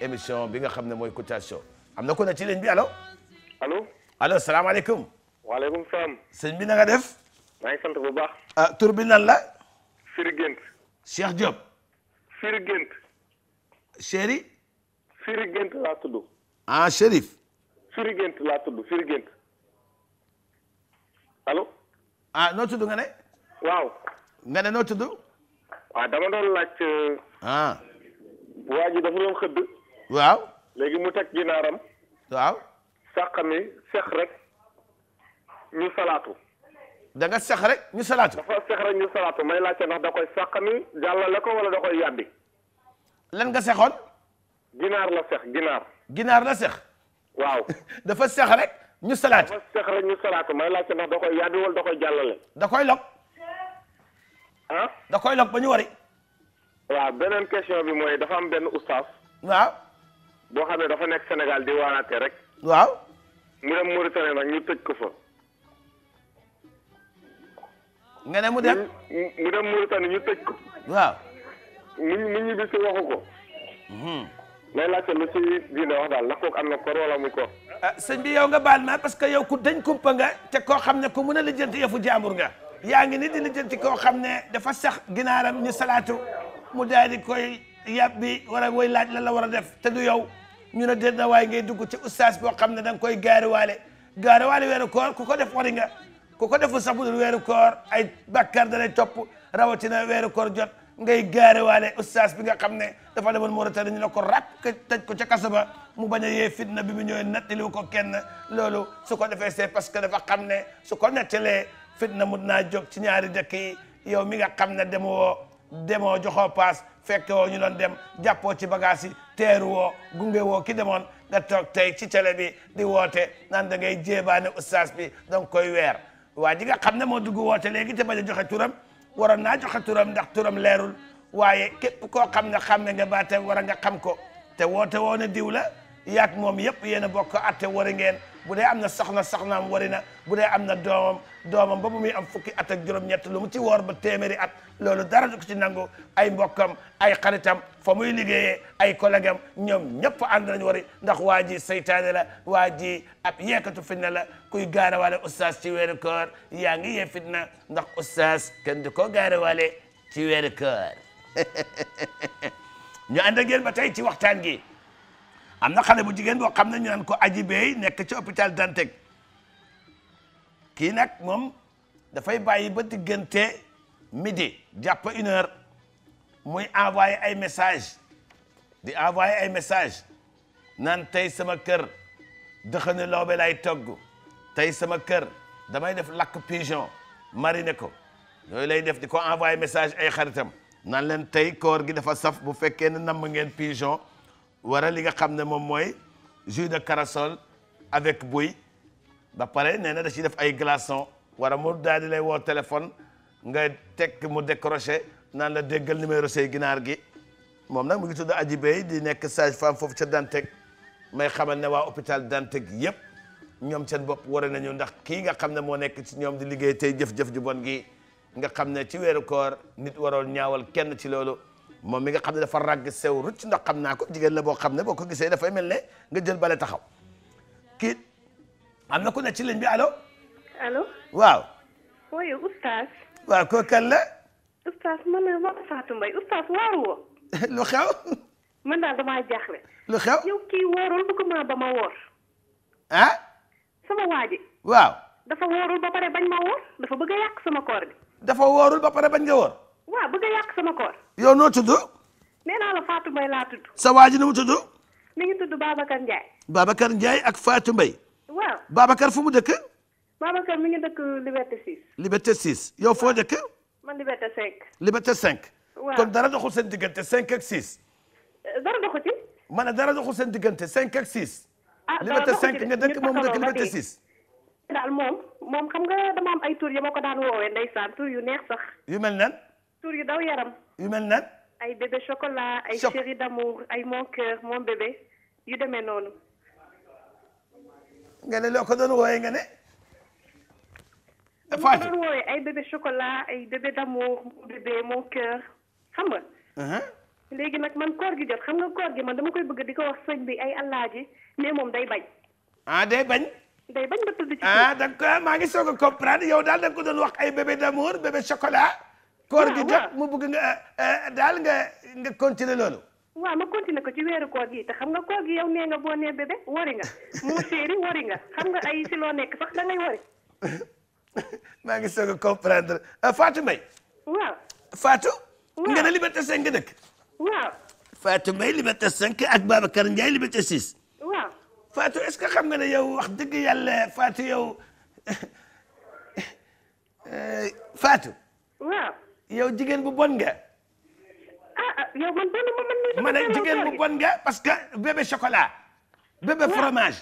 émission bi nga xam ne mooy Kouthia Show am na ku ne ci ligne bi allo. allo allo salaamaaleykum. waaleykum salaam. sëñ bi na nga def. maa ngi sant bu baax. ah tur bi nan la. Firi Gént. Cheikh Diop. Firi Gént. Chéri. Firi Gént laa tudd. ah Chérif. Firi Gént laa tudd Firi Gént allo. ah noo tudd nga ne. waaw. nga ne noo tudd. waaw ah, dama doon laaj. Euh, ah. waa ji dafa doon xëdd. waaw léegi mu teg ginaaram waaw sàq mi sex rek ñu salaatu da nga sex rek ñu salaatu dafa sex rek ñu salaatu may laajte ndax da koy sàq jàllale ko wala da koy yàbbi lan nga sexoon ginaar la sex ginaar ginaar la sex waaw dafa sex rek ñu salaatu sex rek ñu salaatu may laajte ndax da koy yàbbi wala da koy jàllale da koy log ah da koy log ba ñu wari waaw beneen question bi mooy dafa am benn ustaas waaw boo xam ne dafa nekk Sénégal di waaraate rek. waaw. mu dem Mauritanie nag ñu tëj ko fa. nga ne mu dem mu dem Mauritanie ñu tëj ko. waaw. mu mu ñibbi si waxu ko. Mhm. may laajte lu ci diine daal la kooku am na kor mu kor. ah sëñ bi yow nga baal ma parce que yow ku dañ kumpa nga te koo xam ne ku mën a lijjanti yëfu jaambur nga. yaa ngi ni di lijjanti koo xam ne dafa sax ginaaram ñu salaatu mu daal di koy yàbbi wala way laaj la la war a def te du yow. ñu ne déet na waaye ngay dugg ci ustaas boo xam ne da waale koy gaariwaale gaariwaale weeru koor ku ko def wari nga ko ko deful sax budul weeru koor ay bàkkaar da lay topp rawatina weeru koor jot ngay gaariwaale ustaas bi nga xam ne dafa demoon Mauritanie ñu ne ko rakk tëj ko ca kaso ba mu bañ a yee fitna bi mu ñëwee nettaliwu ko kenn loolu su ko defee c'est parce que dafa xam ne su ko nettalee fitna mun naa jóg ci ñaari dëkk yow mi nga xam ne demoo demoo joxoo paas fekke woo ñu doon dem jàppoo ci bagage yi teeru woo gunge woo ki demoon nga toog tey ci télé bi di woote naan da ngay jéebaane ustaas bi dang koy weer waa ji nga xam ne moo dugg woote léegi te bañ a joxe turam waroon naa joxe turam ndax turam leerul waaye képp koo xam ne xamme nga baatam war a nga xam ko te woote woo ne diw la yaag moom yëpp yéen a bokk atte war ngeen bu dee am na soxna soxnaam wari na bu am na doomam doomam ba bu muy am fukki at ak juróom-ñett lu mu ci woor ba téeméeri at loolu dara du ko ci nangu ay mbokkam ay xaritam fa muy liggéeyee ay collègue am ñoom ñëpp ànd nañu wari ndax waa ji seytaane la waa ji ab yeekatu fitna la kuy gaarewaale oustaz ci weeru koor yaa ngi yee fitna ndax oustaz kenn du ko gaarewaale ci weeru koor ñu ànd ak ba tey ci waxtaan gi am na xale bu jigéen boo xam ne ñu naan ko aji beey nekk ci hôpital Dantec kii nag moom dafay bàyyi ba diggante midi jàpp une heure muy envoyé ay message di envoyé ay message naan tey sama kër dëxënu lawbe lay togg tey sama kër damay def lakk mari ne ko yooyu lay def di ko envoyé message ay xaritam naan leen tey koor gi dafa saf bu fekkee ne namm ngeen pigeon wara li nga xam ne moom mooy jus de corossol avec buy ba pare nee na da si def ay glaçons wara mu daal di lay woo téléphone nga tekk mu décroché naan la déggal numéro say ginaar gi moom nag mu ngi tudd Adji di nekk sage femme foofu ca Dantec may xamal ne waa hôpital Dantec yëpp ñoom seen bopp war nañu ndax kii nga xam ne moo nekk ci ñoom di liggéey tey jëf-jëf ju gi nga xam ne ci weeru koor nit waroon ñaawal kenn ci loolu moom mi nga xam ne dafa ràgg sew rucc ndax xam naa ko jigéen la boo xam ne boo ko gisee dafay mel ne nga jël bale taxaw kii am na ku ne ci ligne bi allo. allo waaw. ooyee oustaz. waaw kooku kan la. oustaz man la ma Fatou Mbaye oustaz waaru woo. lu xew. man daal damaa jaaxle. lu xew yow kii woorul bëgg ba ma woor. ah. sama waa waaw. dafa woorul ba pare bañ ma woor dafa bëgg a yàq sama koor bi. dafa woorul ba pare bañ nga woor. waaw bëgg a yàq sama koor. yow noo tudd. nee naa la Fatou Mbaye laa tudd. sa waa ji mu tudd. mi ngi tudd Babacar Ndiaye. Babacar Ndiaye ak Fatou waa waaw Babacar fu mu dëkk. Babacar mi ngi dëkk Liberté 6. Liberté 6 yow foo dëkk. man Liberté 5. Liberté 5. waaw kon dara doxul seen diggante 5 ak 6. Eh, dara doxu ci. ma ne dara doxul seen diggante 5 ak 6. ah dara doxu ci de Liberté 5 nga dëkk moom dëkk Liberté 6. daal moom moom xam nga dama am ay tur ya ma ko daan woowee ndeysaan sax. yu mel nan. tur yu daw yaram. yu mel nan. ay bébé chocolat ay chéri d'amour ay mon cœur mon bébé yu demee noonu. nga ne loo ko doon wooyee nga ne. Fatou doon wooyee ay bébé chocolat ay bébé d'amour mon bébé mon cœur xam nga. Uh-huh. léegi nag man koor gi jot xam nga koor gi man dama koy bëgg di ko wax sëñ bi ay alaaji mais moom day bañ. ah day bañ. day bañ ba tudd ci. ah d'accord maa ngi soog a comprendre yow daal da ko doon wax ay bébé d'amour bébé chocolat. koor gi bëgg nga eh, eh, daal nga nga continuer noonu waaw ma continuer ko ci weeru koor gi nga koor gi nee nga boo nee bébé mu séeri wari xam nga ay si nekk sax da ngay maa ngi soog a comprendre euh, Fatou Mbaye waaw Fatou nga ne Liberté 5 nga dëkk waaw Fatou Mbaye ak Babacar Ndiaye Liberté 6 waaw Fatou est xam nga ne yow wax dëgg yàlla Fatou yow euh, Fatou waaw yow jigéen bu bon nga. ah, ah yow jigéen bu bon nga parce que bébé chocolat. bébé fromage.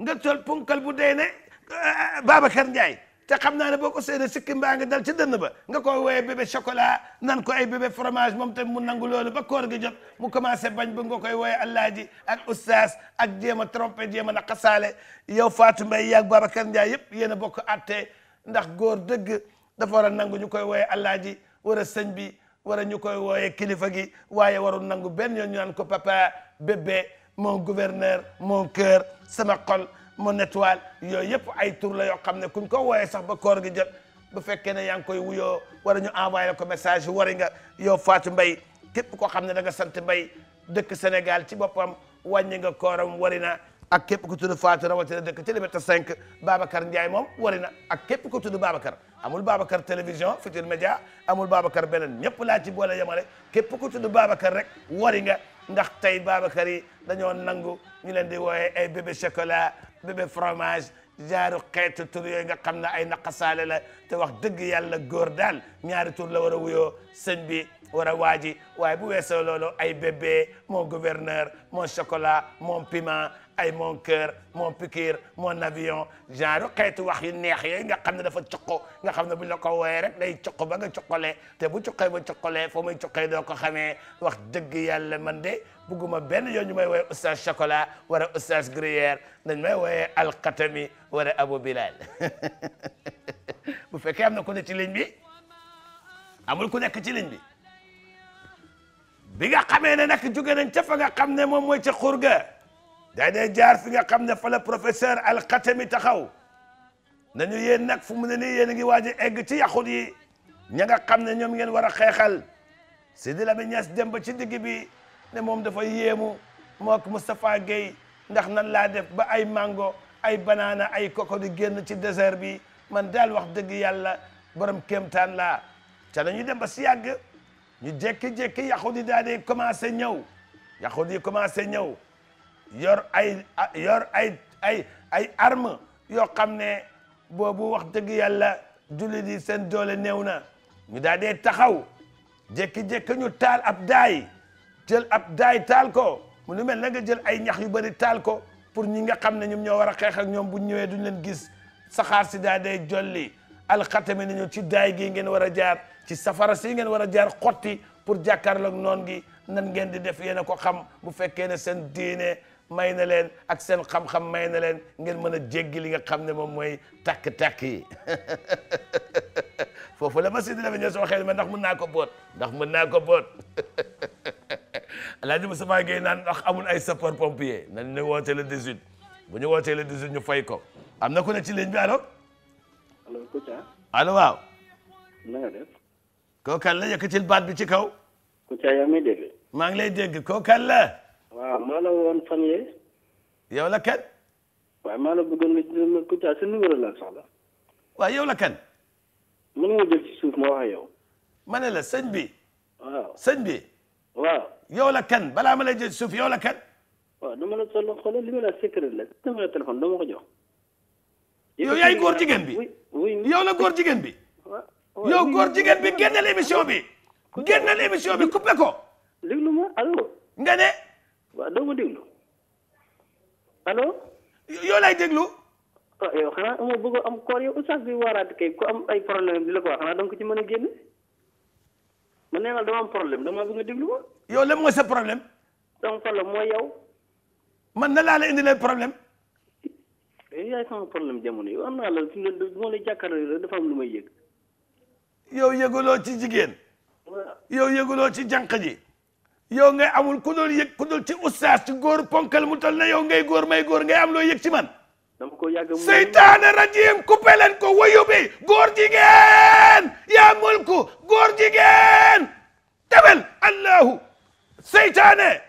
nga sol punkal bu dee ne euh, Babacar Ndiaye. ta xam naa ne boo ko séenee sikki nga dal ci dënn ba nga ko wooyee bébé chocolat nan ko ay bébé fromage moom tamit mu nangu loolu ba koor gi jot mu commencé bañ ba nga koy wooyee alaaji ak oustaz ak jéem a trompé jéem a naqasaale yow Fatou Mbaye yaag Babacar Ndiaye yëpp yéen a bokk àtte ndax góor dëgg dafa war a nangu ñu koy wooyee alaaji wara a sëñ bi war a ñu koy wooye kilifa gi waaye warul nangu benn yoon ñu naan ko papa bébé mon gouverneur mon cœur sama xol mon étoile yooyu yëpp ay tur la yoo xam ne kuñ ko wooyee sax ba koor gi jot bu fekkee ne yaa ngi koy wuyoo wala ñu envoyé la ko message wari nga yow Fatou Mbaye képp koo xam ne da nga sant Mbaye dëkk Sénégal ci boppam wàññi nga kooram wari na ak képp ku tudd Fatou rawatina dëkk ci liberté 5 Babacar Ndiaye moom wari na ak képp ku tudd Babacar amul Babacar télévision Futur Média amul Babacar beneen ñëpp laa ci boole yemale képp ku tudd Babacar rek wari nga ndax tey Babacar yi dañoo nangu ñu leen di wooyee ay bébé chocolat bébé fromage jaaru xeetu tur yooyu nga xam ne ay naqasaale la te wax dëgg yàlla góor daal ñaari tur la wara a wuyoo sëñ bi war a waaji waaye bu weesoo loolu ay bébé mon gouverneur mon chocolat mon piment ay mon cœur mon piqûre mon avion genre wax yu neex yooyu nga xam ne dafa coqo nga xam ne bu la ko wooyee rek day coqo ba nga coqolee te bu coqee ba coqolee foo muy coqee doo ko xamee wax dëgg yàlla man de bugguma benn yoon ñu may wooye oustaz chocolat wala oustaz gruyère dañ may wooyee alkatami wala abou bilal bu fekkee am ne ku ne ci ligne bi amul ku nekk ci ligne bi bi nga xamee ne nag jóge nañ ca fa nga xam ne moom mooy ca xur ga day jaar fi nga xam ne professeur al professeur alxatami taxaw nañu yéen nag fu mu ne nii yéen a ngi waaj egg ci yàqut yi ña nga xam ne ñoom ngeen war a xeexal Sidi Lamine Niass dem ba ci digg bi ne moom dafa yéemu mook Moustapha Gueye ndax nan laa def ba ay mango ay banaana ay koko di génn ci désert bi man daal wax dëgg yàlla borom kéemtaan laa ca la ñu dem ba si yàgg ñu jékki-jékki yàqut yi daal di commencé ñëw yàqut yi commencé ñëw yor ay yor ay ay ay arme yoo xam ne boobu wax dëgg yàlla jullit di seen doole néew na ñu daal dee taxaw jekki jékki ñu taal ab daay jël ab daay taal ko mu nu mel na nga jël ay ñax yu bëri taal ko pour ñi nga xam ne ñoom ñoo war a xeex ak ñoom bu ñëwee duñ leen gis saxaar si daal dee jolli alxatami nañu ci daay gi ngeen war a jaar ci safara si ngeen war a jaar xotti pour jàkkaarloog noon gi nan ngeen di def yéen a ko xam bu fekkee ne seen diine may na leen ak seen xam-xam may na leen ngeen mën a jéggi li nga xam ne moom mooy takk-takk yi foofu la ma si dina ñëw soo xel ma ndax mën naa ko boot ndax mën naa ko boot Alaaji Moustapha Gueye naan ndax amul ay sapeur pompier nañ ne woote le 18 bu ñu wootee le 18 ñu fay ko am na ku ne ci ligne bi allo. allo Kouthia. allo waaw. na nga def. kooku kan baat bi ci kaw. Kouthia yaa ngi may dégg. maa ngi lay dégg kooku la. waaw maa la woon fan yee. yow la kenn. waaw maa la bëggoon nga jël ma Kouthia sa numéro la soxla. waaw yow la kenn. mën nga jël ci suuf ma wax yow. ma ne la sëñ bi. waaw sëñ bi. waaw yow la kenn balaa ma lay jël ci suuf yow la kenn. waaw dama la soxla xoolal li ma la secret la numéro téléphone dama ko jox. yow yaay góor jigéen bi yow la góor jigéen bi. yow góor jigéen bi génnal émission bi. génnal émission bi coupé ko. déglu ma allo. nga ne. waaw doo ma déglu allo. yoo lay déglu. ah yow xanaa moo bëgg am koor yow oustaz bi waaraat kay ku am ay problème di la ko wax xanaa danga ko ci mën a génn man nee naa dama am problème dama bëgg nga déglu ma. yow lan mooy sa problème. sama problème mooy yow. man na laa la indi lay problème. Eh, yaay problème jamono yi am naa la lay jàkkaarloo dafa lu may yëg. yow yëguloo ci jigéen. yow yëguloo ci jànq ji. yow ngay amul ku dul yëg ku dul ci oustaz ci ponkal mu na yow ngay góor may góor ngay am loo yëg ci man. dama ko yàgg mu seytaane rajim coupé leen ko wayu bi góor jigéen yaa mulku góor jigéen demal allahu seytaane.